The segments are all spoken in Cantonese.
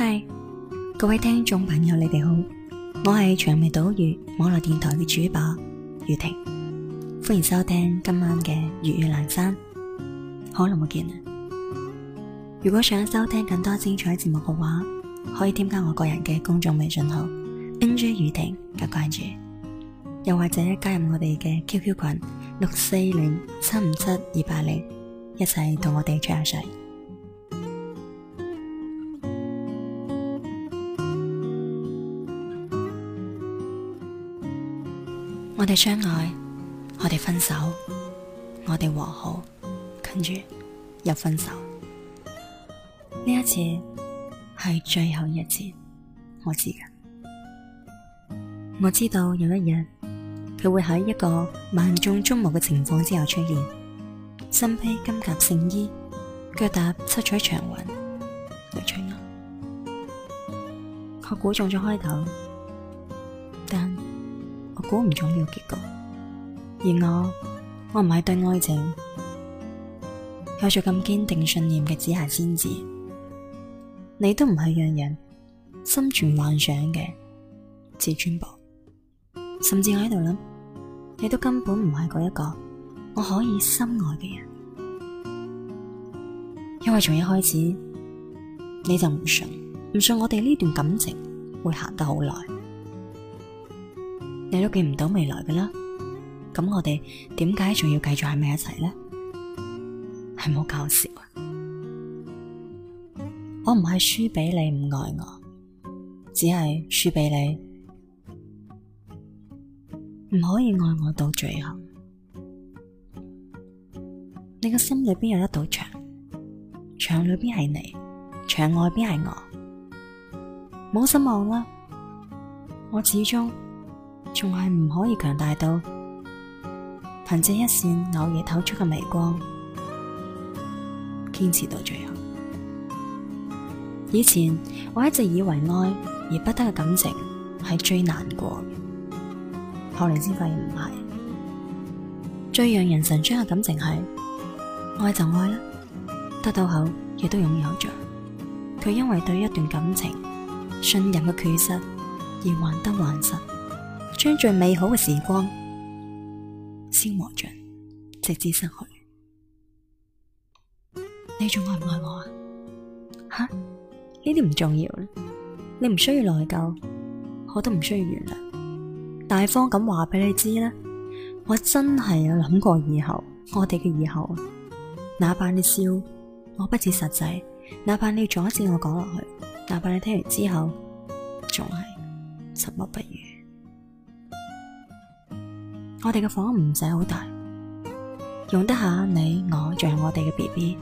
嗨，各位聽眾朋友，你哋好，我係長尾島嶼網絡電台嘅主播雨婷，歡迎收聽今晚嘅粵語闌珊，好耐冇見啦。如果想收聽更多精彩節目嘅話，可以添加我個人嘅公眾微信號 nj 雨婷嘅關注，又或者加入我哋嘅 QQ 群六四零七五七二八零，80, 一齊同我哋吹下水。我哋相愛，我哋分手，我哋和好，跟住又分手。呢一次係最後一次，我知㗎。我知道有一日佢會喺一個萬眾矚目嘅情況之下出現，身披金甲聖衣，腳踏七彩祥雲。嚟娶我！我估中咗開頭。估唔準呢個結果，而我，我唔係對愛情有咗咁堅定信念嘅紫霞仙子，你都唔係讓人心存幻想嘅至尊寶，甚至我喺度諗，你都根本唔係嗰一個我可以深愛嘅人，因為從一開始你就唔信，唔信我哋呢段感情會行得好耐。你都見唔到未來㗎啦，咁我哋點解仲要繼續喺埋一齊呢？係冇搞笑啊！我唔係輸俾你唔愛我，只係輸俾你唔可以愛我到最後。你個心裏邊有一堵牆，牆裏邊係你，牆外邊係我。冇失望啦，我始終。仲係唔可以強大到憑借一綫偶爾透出嘅微光堅持到最後。以前我一直以為愛而不得嘅感情係最難過嘅，後嚟先發現唔係。最讓人神傷嘅感情係愛就愛啦，得到好亦都擁有着。佢因為對一段感情信任嘅缺失而患得患失。將最美好嘅時光消磨盡，直至失去。你仲愛唔愛我啊？吓，呢啲唔重要啦。你唔需要內疚，我都唔需要原諒。大方咁話俾你知啦，我真係有諗過以後，我哋嘅以後。哪怕你笑，我不切實際；哪怕你阻止我講落去，哪怕你聽完之後仲係沉默不語。我哋嘅房唔使好大，用得下你我仲有我哋嘅 BB。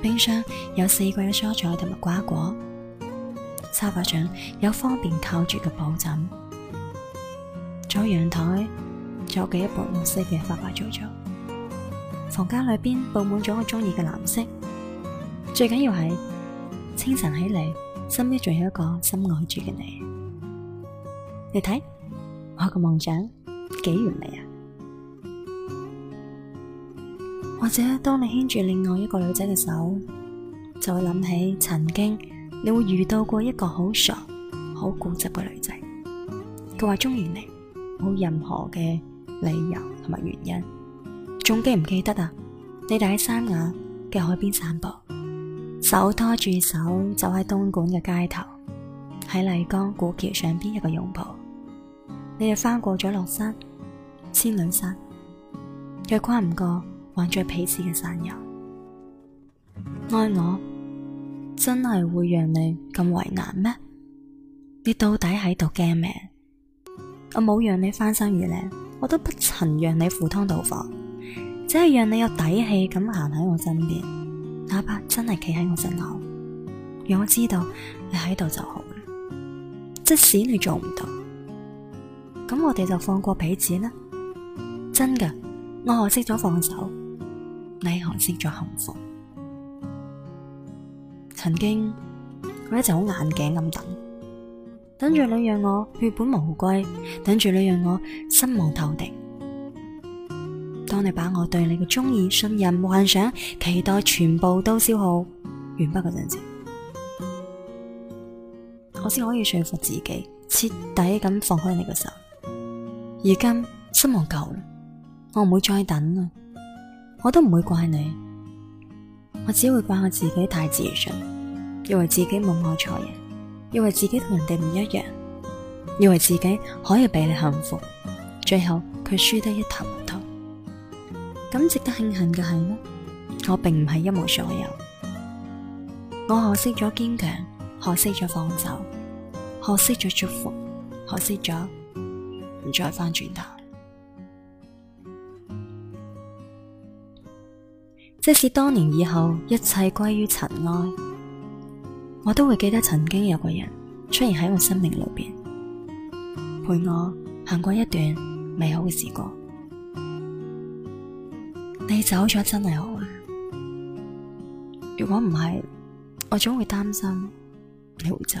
冰箱有四季嘅蔬菜同埋瓜果，沙發上有方便靠住嘅抱枕。坐喺陽台有幾一白綠色嘅花花草草。房間裏邊布滿咗我中意嘅藍色。最緊要係清晨起嚟，身邊仲有一個心愛住嘅你。你睇我嘅夢想。幾遠嚟啊？或者當你牽住另外一個女仔嘅手，就會諗起曾經你會遇到過一個好傻，好固執嘅女仔。佢話中意你，冇任何嘅理由同埋原因。仲記唔記得啊？你哋喺三亞嘅海邊散步，手拖住手走喺東莞嘅街頭，喺麗江古橋上邊一個擁抱。你哋翻過咗落山，千里山，若跨唔過，還在彼此嘅山丘，愛我真係會讓你咁為難咩？你到底喺度驚咩？我冇讓你翻山越嶺，我都不曾讓你赴湯蹈火，只係讓你有底氣咁行喺我身邊，哪怕真係企喺我身後，讓我知道你喺度就好。即使你做唔到。咁我哋就放過彼此啦！真嘅，我學識咗放手，你學識咗幸福。曾經我一直好眼鏡咁等，等住你讓我血本無歸，等住你讓我失望透頂。當你把我對你嘅中意、信任、幻想、期待全部都消耗完畢嗰陣時，我先可以說服自己徹底咁放開你嘅手。而今失望夠啦，我唔會再等啦，我都唔會怪你，我只會怪我自己太自信，以為自己冇愛錯人，以為自己同人哋唔一樣，以為自己可以俾你幸福，最後卻輸得一塌糊塗。咁值得慶幸嘅係咧，我並唔係一無所有，我學識咗堅強，學識咗放手，學識咗祝福，學識咗。唔再翻轉頭，即使多年以後一切歸於塵埃，我都會記得曾經有個人出現喺我生命裏邊，陪我行過一段美好嘅時光。你走咗真係好啊！如果唔係，我總會擔心你會走。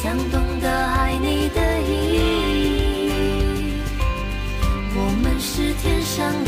想懂得愛你的意義。我們是天上的。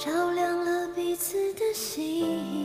照亮了彼此的心。